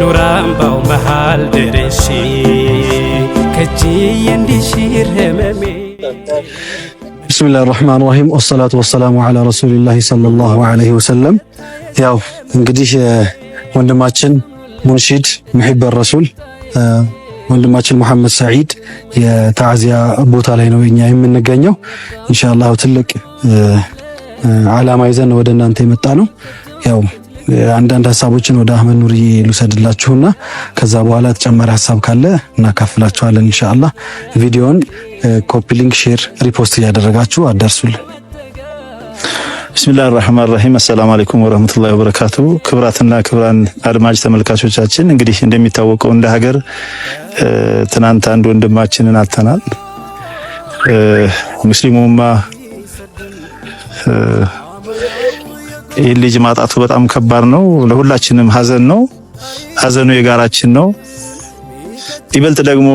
ኑራምባው መሃል ደረሽ ከጂ የንዲሽር ህመሜ ብስሚላህ ራህማን ራሂም ወሰላቱ ወሰላሙ አላ ረሱሊላህ ሰለላሁ ዐለይሂ ወሰለም። ያው እንግዲህ ወንድማችን ሙንሺድ ሙሒብ ረሱል ወንድማችን መሐመድ ሰዒድ የታዕዚያ ቦታ ላይ ነው እኛ የምንገኘው። ኢንሻአላህ ትልቅ ዓላማ ይዘን ወደ እናንተ የመጣ ነው ያው አንዳንድ ሀሳቦችን ወደ አህመድ ኑርዬ ልውሰድላችሁና ከዛ በኋላ ተጨማሪ ሀሳብ ካለ እናካፍላችኋለን። እንሻአላ ቪዲዮን ኮፒ ሊንክ፣ ሼር፣ ሪፖስት እያደረጋችሁ አደርሱልን። ብስሚላህ ራህማን ራሂም አሰላሙ አለይኩም ወረህመቱላሂ ወበረካቱ። ክብራትና ክብራን አድማጭ ተመልካቾቻችን እንግዲህ እንደሚታወቀው እንደ ሀገር ትናንት አንድ ወንድማችንን አጥተናል። ሙስሊሙማ ይህ ልጅ ማጣቱ በጣም ከባድ ነው። ለሁላችንም ሀዘን ነው። ሀዘኑ የጋራችን ነው። ይበልጥ ደግሞ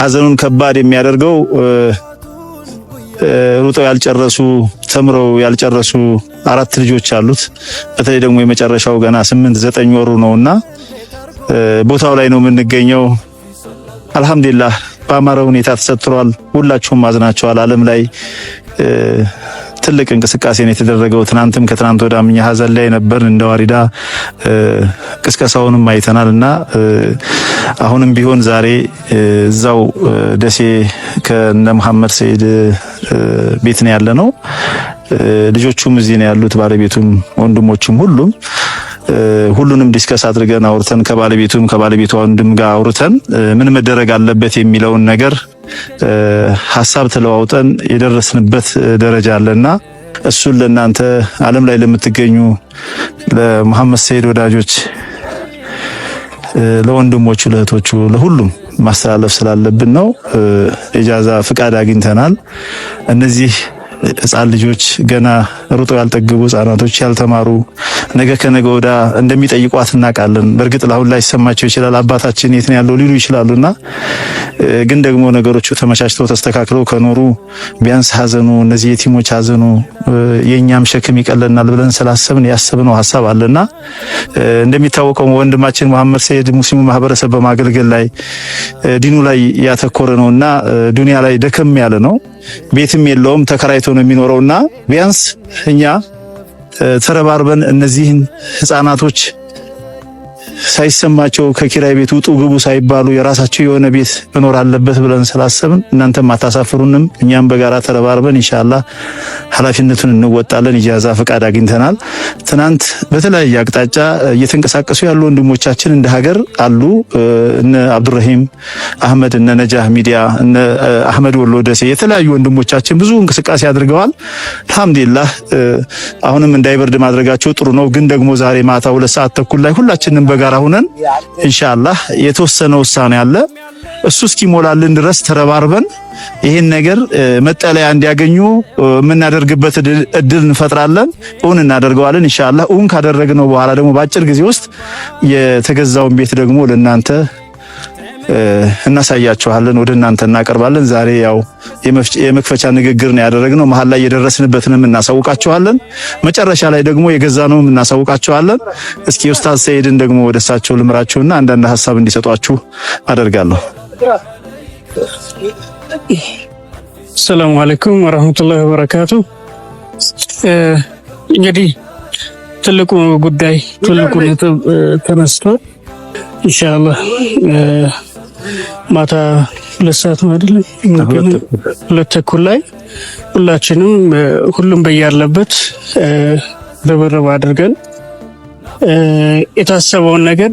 ሀዘኑን ከባድ የሚያደርገው ሩጠው ያልጨረሱ ተምረው ያልጨረሱ አራት ልጆች አሉት። በተለይ ደግሞ የመጨረሻው ገና ስምንት ዘጠኝ ወሩ ነውና ቦታው ላይ ነው የምንገኘው። አልሐምዱሊላህ በአማረ ሁኔታ ተሰጥቷል። ሁላችሁም አዝናቸዋል። ዓለም ላይ ትልቅ እንቅስቃሴ ነው የተደረገው። ትናንትም ከትናንት ወደ አምኛ ሀዘን ላይ ነበርን። እንደ ዋሪዳ ቅስቀሳውንም አይተናል እና አሁንም ቢሆን ዛሬ እዛው ደሴ ከነ መሐመድ ሰይድ ቤት ነው ያለ ነው። ልጆቹም እዚህ ነው ያሉት፣ ባለቤቱም፣ ወንድሞቹም ሁሉም ሁሉንም ዲስከስ አድርገን አውርተን ከባለቤቱም ከባለቤቷ ወንድም ጋር አውርተን ምን መደረግ አለበት የሚለውን ነገር ሀሳብ ተለዋውጠን የደረስንበት ደረጃ አለና እሱን ለእናንተ ዓለም ላይ ለምትገኙ ለሙሐመድ ሰይድ ወዳጆች፣ ለወንድሞቹ፣ ለእህቶቹ፣ ለሁሉም ማስተላለፍ ስላለብን ነው። ኢጃዛ ፍቃድ አግኝተናል። እነዚህ ህጻን ልጆች ገና ሩጠው ያልጠገቡ ህጻናቶች፣ ያልተማሩ ነገ ከነገ ወዳ እንደሚጠይቋት እናውቃለን። በእርግጥ ለአሁን ላይ ሰማቸው ይችላል፣ አባታችን የት ነው ያለው ሊሉ ይችላሉና ግን ደግሞ ነገሮቹ ተመቻችተው ተስተካክለው ከኖሩ ቢያንስ ሀዘኑ እነዚህ የቲሞች ሀዘኑ የእኛም ሸክም ይቀለናል ብለን ስላሰብን ያሰብነው ሀሳብ አለና እንደሚታወቀው ወንድማችን መሐመድ ሰይድ ሙስሊሙ ማህበረሰብ በማገልገል ላይ ዲኑ ላይ ያተኮረ ነውና ዱንያ ላይ ደከም ያለ ነው። ቤትም የለውም ተከራይቶ ነው የሚኖረውና ቢያንስ እኛ ተረባርበን እነዚህን ህፃናቶች ሳይሰማቸው ከኪራይ ቤት ውጡ ግቡ ሳይባሉ የራሳቸው የሆነ ቤት መኖር አለበት ብለን ስላሰብን እናንተም አታሳፍሩንም፣ እኛም በጋራ ተረባርበን እንሻላ ኃላፊነቱን እንወጣለን። ኢጃዛ ፈቃድ አግኝተናል። ትናንት በተለያየ አቅጣጫ እየተንቀሳቀሱ ያሉ ወንድሞቻችን እንደ ሀገር አሉ። እነ አብዱራሂም አህመድ፣ እነ ነጃህ ሚዲያ፣ እነ አህመድ ወሎ ደሴ የተለያዩ ወንድሞቻችን ብዙ እንቅስቃሴ አድርገዋል። አልሐምዱሊላህ አሁንም እንዳይበርድ ማድረጋቸው ጥሩ ነው። ግን ደግሞ ዛሬ ማታ ሁለት ሰዓት ተኩል ላይ ሁላችንም በጋራ በጋራ ሁነን ኢንሻአላህ የተወሰነ ውሳኔ አለ። እሱ እስኪሞላልን ድረስ ተረባርበን ይህን ነገር መጠለያ እንዲያገኙ የምናደርግበት እድል እንፈጥራለን። እውን እናደርገዋለን ኢንሻአላህ። እውን ካደረግነው በኋላ ደግሞ በአጭር ጊዜ ውስጥ የተገዛውን ቤት ደግሞ ለእናንተ እናሳያችኋለን፣ ወደ እናንተ እናቀርባለን። ዛሬ ያው የመክፈቻ ንግግር ነው ያደረግነው። መሀል ላይ የደረስንበትንም እናሳውቃችኋለን። መጨረሻ ላይ ደግሞ የገዛነውም እናሳውቃችኋለን። እስኪ ኡስታዝ ሰይድን ደግሞ ወደ እሳቸው ልምራችሁና አንዳንድ ሀሳብ እንዲሰጧችሁ አደርጋለሁ። ሰላሙ አለይኩም ወራህመቱላሂ ወበረካቱ። እንግዲህ ትልቁ ጉዳይ ትልቁ ተነስቷል። ኢንሻአላህ ማታ ሁለት ሰዓት ነው አይደለ? ሁለት ተኩል ላይ ሁላችንም ሁሉም በያለበት ርብርብ አድርገን የታሰበውን ነገር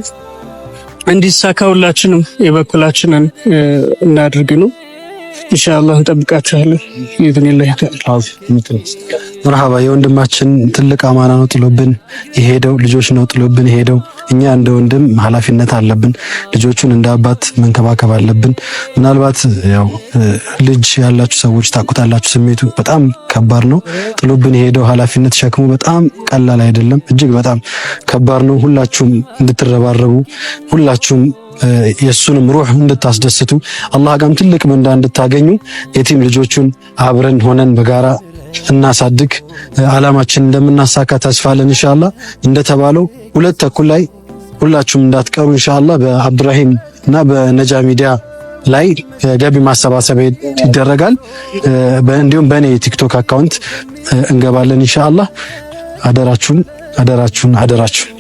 እንዲሳካ ሁላችንም የበኩላችንን እናድርግ ነው። ኢንሻአላህ እንጠብቃችኋለን። መርሃባ የወንድማችን ትልቅ አማና ነው ጥሎብን የሄደው ልጆች ነው ጥሎብን የሄደው እኛ እንደ ወንድም ኃላፊነት አለብን። ልጆቹን እንደ አባት መንከባከብ አለብን። ምናልባት ያው ልጅ ያላችሁ ሰዎች ታቁታላችሁ። ስሜቱ በጣም ከባድ ነው። ጥሎብን የሄደው ኃላፊነት ሸክሙ በጣም ቀላል አይደለም። እጅግ በጣም ከባድ ነው። ሁላችሁም እንድትረባረቡ ሁላችሁም የእሱንም ሩህ እንድታስደስቱ አላህ ጋም ትልቅ ምንዳ እንድታገኙ የቲም ልጆቹን አብረን ሆነን በጋራ እናሳድግ፣ አላማችን እንደምናሳካ ተስፋለን። አለን። እንደተባለው ሁለት ተኩል ላይ ሁላችሁም እንዳትቀሩ እንሻላ በአብራሂም እና በነጃ ሚዲያ ላይ ገቢ ማሰባሰብ ይደረጋል። እንዲሁም በእኔ የቲክቶክ አካውንት እንገባለን እንሻላ አደራችሁን አደራችሁን አደራችሁን